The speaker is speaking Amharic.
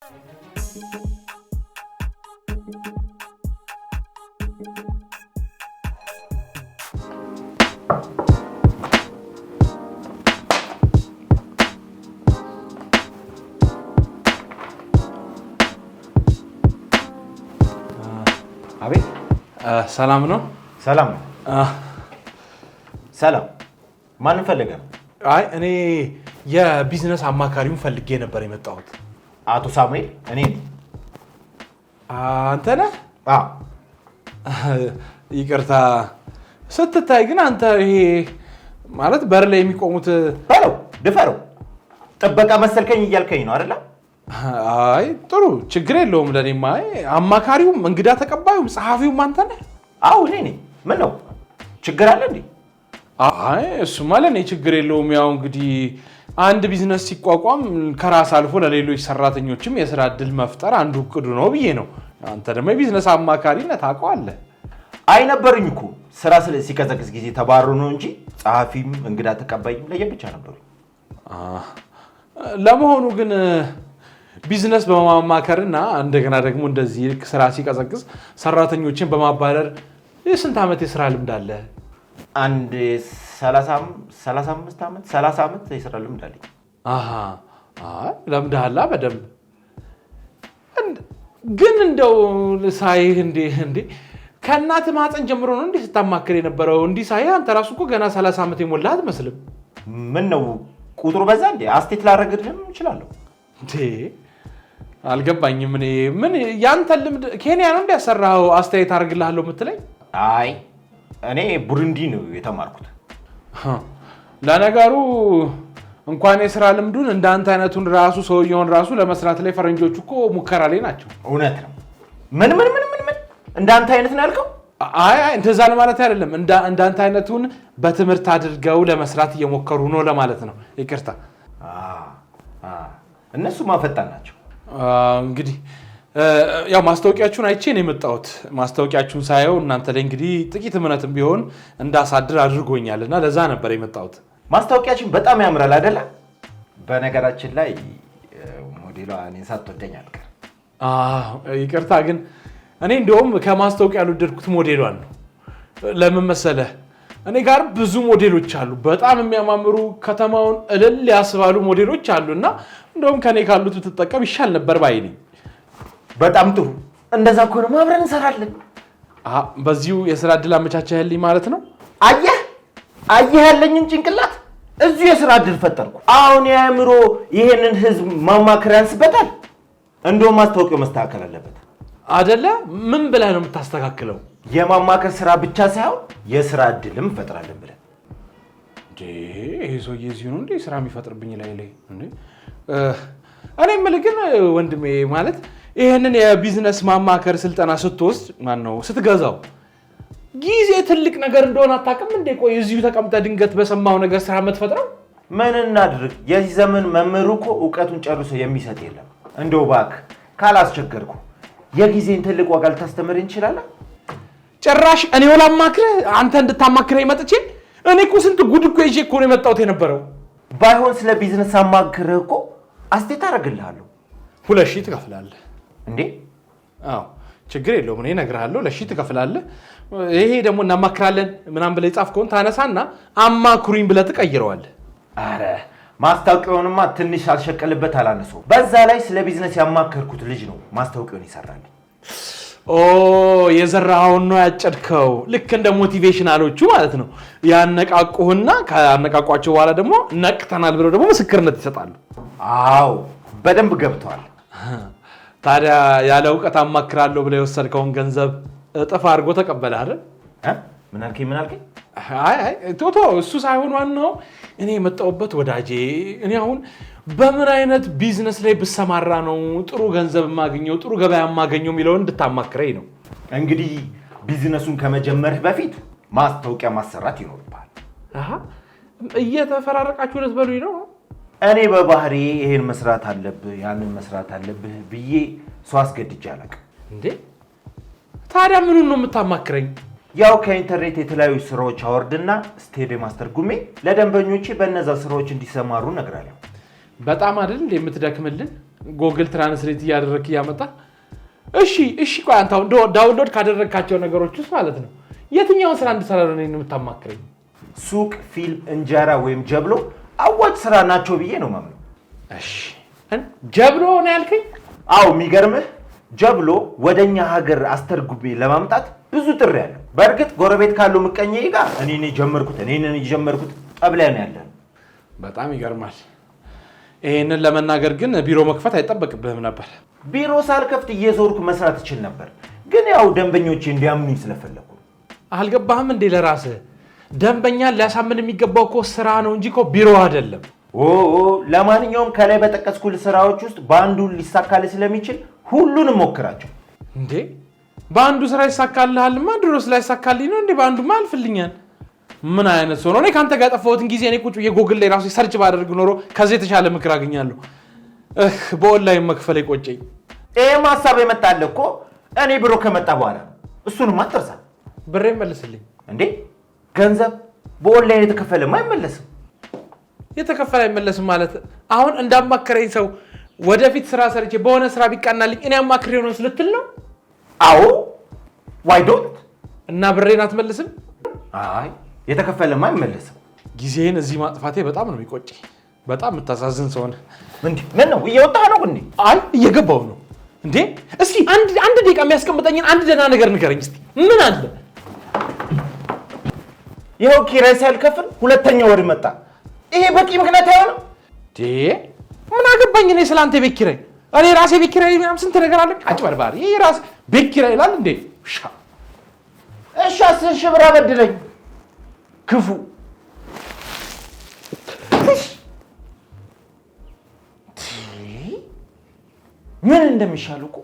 አቤት ሰላም ነው። ሰላም ሰላም ማንም ፈልገ ነው? አይ እኔ የቢዝነስ አማካሪውን ፈልጌ ነበር የመጣሁት። አቶ ሳሙኤል እኔ አንተ ነህ? ይቅርታ ስትታይ ግን አንተ ይሄ ማለት በር ላይ የሚቆሙት በለው ድፈረው ጥበቃ መሰልከኝ እያልከኝ ነው አይደለ? አይ ጥሩ ችግር የለውም። ለእኔማ አማካሪውም እንግዳ ተቀባዩም ጸሐፊውም አንተ ነህ? አዎ እኔ ነኝ። ምን ነው ችግር አለ እንዴ? አይ እሱማ ለእኔ ችግር የለውም። ያው እንግዲህ አንድ ቢዝነስ ሲቋቋም ከራስ አልፎ ለሌሎች ሰራተኞችም የስራ እድል መፍጠር አንዱ እቅዱ ነው ብዬ ነው። አንተ ደግሞ የቢዝነስ አማካሪነት ታውቀዋለህ። አይነበርኝ እኮ ስራ ሲቀዘቅዝ ጊዜ ተባሩ ነው እንጂ ጸሐፊም እንግዳ ተቀባይም ለየብቻ ነበሩ። ለመሆኑ ግን ቢዝነስ በማማከርና እንደገና ደግሞ እንደዚህ ልክ ስራ ሲቀዘቅዝ ሰራተኞችን በማባረር የስንት ዓመት የስራ ልምድ አለ? አንድ ሰላሳ አምስት ዓመት ሰላሳ ዓመት የስራ ልምድ አለኝ። ለምደሃላ በደንብ ግን እንደው ሳይ እንዴ እንዴ ከእናት ማፀን ጀምሮ ነው እንዲህ ስታማክር የነበረው እንዲህ ሳይህ አንተ ራሱ እኮ ገና ሰላሳ ዓመት የሞላ አትመስልም። ምን ነው ቁጥሩ በዛ እንዴ? አስቴት ላረግድህም እችላለሁ እንዴ? አልገባኝም። እኔ ምን ያንተ ልምድ ኬንያ ነው እንዲያሰራኸው አስተያየት አድርግልሃለሁ የምትለኝ? አይ እኔ ቡሩንዲ ነው የተማርኩት። ለነገሩ እንኳን የስራ ልምዱን እንዳንተ አይነቱን ራሱ ሰውየውን ራሱ ለመስራት ላይ ፈረንጆቹ እኮ ሙከራ ላይ ናቸው። እውነት ነው። ምን ምን ምን ምን ምን እንዳንተ አይነት ነው ያልከው? አይ አይ እንደዛ ለማለት አይደለም። እንዳንተ አይነቱን በትምህርት አድርገው ለመስራት እየሞከሩ ነው ለማለት ነው። ይቅርታ፣ እነሱ ማፈጣን ናቸው እንግዲህ ያው ማስታወቂያችሁን አይቼ ነው የመጣሁት። ማስታወቂያችሁን ሳየው እናንተ ላይ እንግዲህ ጥቂት እምነትም ቢሆን እንዳሳድር አድርጎኛል እና ለዛ ነበር የመጣሁት። ማስታወቂያችን በጣም ያምራል አይደለ? በነገራችን ላይ ሞዴሏ እኔን ሳትወደኝ አልቀር። ይቅርታ ግን እኔ እንዲሁም ከማስታወቂያ ያልወደድኩት ሞዴሏን ነው። ለምን እኔ ጋር ብዙ ሞዴሎች አሉ፣ በጣም የሚያማምሩ ከተማውን እልል ያስባሉ ሞዴሎች አሉ እና እንደውም ከእኔ ካሉት ብትጠቀም ይሻል ነበር ባይ ነኝ። በጣም ጥሩ። እንደዛ ነው፣ አብረን እንሰራለን። በዚሁ የስራ እድል አመቻቸህልኝ ማለት ነው። አየህ አየህ፣ ያለኝን ጭንቅላት እዚሁ የስራ እድል ፈጠርኩ። አሁን የአእምሮ ይሄንን ህዝብ ማማከር ያንስበታል። እንደውም ማስታወቂያው መስተካከል አለበት አደለ? ምን ብላይ ነው የምታስተካክለው? የማማከር ስራ ብቻ ሳይሆን የስራ እድልም ፈጥራለን ብለን ይሄ ሰውዬ እዚሁ ነው እንዴ ስራ የሚፈጥርብኝ ላይ ላይ እኔ የምልህ ግን ወንድሜ ማለት ይህንን የቢዝነስ ማማከር ስልጠና ስትወስድ ነው ስትገዛው ጊዜ ትልቅ ነገር እንደሆነ አታውቅም እንዴ? ቆይ እዚሁ ተቀምጠ ድንገት በሰማው ነገር ስራ የምትፈጥረው ምን እናድርግ? የዚህ ዘመን መምህሩ እኮ እውቀቱን ጨርሶ የሚሰጥ የለም። እንደው እባክህ ካላስቸገርኩ የጊዜን ትልቅ ዋጋ ልታስተምር እንችላለን። ጭራሽ እኔው ላማክርህ አንተ እንድታማክረኝ መጥቼ እኔ እኮ ስንት ጉድ እኮ ይዤ እኮ ነው የመጣሁት የነበረው። ባይሆን ስለ ቢዝነስ አማክርህ እኮ አስቴት አደርግልሃለሁ። ሁለት ሺህ ትከፍላለህ እንዴ? አዎ ችግር የለውም። እኔ እነግርሃለሁ፣ ለሺ ትከፍላለህ። ይሄ ደግሞ እናማክራለን ምናምን ብለህ ከሆን ታነሳና አማክሩኝ ብለህ ትቀይረዋለህ። አረ ማስታወቂያውንማ ትንሽ አልሸቀልበት አላነሱ። በዛ ላይ ስለ ቢዝነስ ያማከርኩት ልጅ ነው ማስታወቂያውን ይሰራል። ኦ የዘራኸውን ነው ያጨድከው። ልክ እንደ ሞቲቬሽናሎቹ ማለት ነው። ያነቃቁህና ካነቃቋቸው በኋላ ደግሞ ነቅተናል ብለው ደግሞ ምስክርነት ይሰጣሉ። አዎ በደንብ ገብተዋል። ታዲያ ያለ እውቀት አማክራለሁ ብለህ የወሰድከውን ገንዘብ እጥፍ አድርጎ ተቀበለ አይደል? ምን አልከኝ? ምን አልከኝ? አይ ቶቶ እሱ ሳይሆን ዋናው እኔ የመጣሁበት ወዳጄ፣ እኔ አሁን በምን አይነት ቢዝነስ ላይ ብሰማራ ነው ጥሩ ገንዘብ የማገኘው ጥሩ ገበያ የማገኘው የሚለውን እንድታማክረኝ ነው። እንግዲህ ቢዝነሱን ከመጀመርህ በፊት ማስታወቂያ ማሰራት ይኖርብሃል። እየተፈራረቃችሁ ነት በሉኝ ነው እኔ በባህሪ ይሄን መስራት አለብህ ያንን መስራት አለብህ ብዬ ሰው አስገድጄ አላውቅም። እንዴ ታዲያ ምኑን ነው የምታማክረኝ? ያው ከኢንተርኔት የተለያዩ ስራዎች አወርድና ስቴዲየም አስተርጉሜ ለደንበኞቼ በእነዛ ስራዎች እንዲሰማሩ እነግራለሁ። በጣም አይደል እንደ የምትደክምልን ጎግል ትራንስሌት እያደረግክ እያመጣ። እሺ እሺ፣ ቆይ አንተ አሁን ዳውንሎድ ካደረግካቸው ነገሮች ውስጥ ማለት ነው የትኛውን ስራ እንድሰራ ነው የምታማክረኝ? ሱቅ፣ ፊልም፣ እንጀራ ወይም ጀብሎ አዋጭ ስራ ናቸው ብዬ ነው ማምነው። እሺ ጀብሎ ነው ያልከኝ? አዎ የሚገርምህ ጀብሎ ወደኛ ሀገር አስተርጉቤ ለማምጣት ብዙ ጥሪ ያለ። በእርግጥ ጎረቤት ካለው ምቀኛዬ ጋር እኔ ጀመርኩት፣ እኔ ጀመርኩት ጠብላይ ነው ያለ። በጣም ይገርማል። ይሄንን ለመናገር ግን ቢሮ መክፈት አይጠበቅብህም ነበር። ቢሮ ሳልከፍት እየዞርኩ መስራት እችል ነበር፣ ግን ያው ደንበኞቼ እንዲያምኑኝ ስለፈለኩ። አልገባህም እንዴ? ለራስህ ደንበኛን ሊያሳምን የሚገባው እኮ ስራ ነው እንጂ እኮ ቢሮ አይደለም። ለማንኛውም ከላይ በጠቀስኩል ስራዎች ውስጥ በአንዱ ሊሳካል ስለሚችል ሁሉንም ሞክራቸው። እንዴ በአንዱ ስራ ይሳካልሃልማ፣ ድሮስ ላይሳካልኝ ነው እንዴ? በአንዱማ አልፍልኛል። ምን አይነት ሰው ነው? እኔ ከአንተ ጋር ጠፋሁትን ጊዜ እኔ ቁጭ የጎግል ላይ ራሱ ሰርች ባደርግ ኖሮ ከዚህ የተሻለ ምክር አገኛለሁ። በኦንላይን መክፈል ቆጨኝ። ይህም ሀሳብ የመጣለ እኮ እኔ ብሮ ከመጣ በኋላ እሱንም አትርሳ። ብሬ መልስልኝ እንዴ ገንዘብ በኦንላይን የተከፈለም አይመለስም። የተከፈለ አይመለስም ማለት አሁን እንዳማከረኝ ሰው ወደፊት ስራ ሰርቼ በሆነ ስራ ቢቃናልኝ እኔ አማክሬ የሆነ ስልትል ነው? አዎ። ዋይ ዶንት እና ብሬን አትመልስም? አይ የተከፈለም አይመለስም። ጊዜህን እዚህ ማጥፋቴ በጣም ነው የሚቆጭ። በጣም የምታሳዝን ሰሆነ ምን ነው እየወጣ ነው እንዴ? አይ እየገባው ነው እንዴ። እስኪ አንድ ደቂቃ የሚያስቀምጠኝን አንድ ደህና ነገር ንገረኝ እስኪ ምን አለ ይኸው ኪራይ ሳልከፍል ሁለተኛ ወር መጣ። ይሄ በቂ ምክንያት አይሆንም። ምን አገባኝ እኔ ስለአንተ ቤት ኪራይ። እኔ ራሴ ቤት ኪራይ ምናምን ስንት ነገር አለ። አጭበርባሪ ራስ ቤት ኪራይ ይላል እንዴ? ሻ እሺ፣ አስር ሺህ ብር አበድረኝ ክፉ። ምን እንደሚሻል እኮ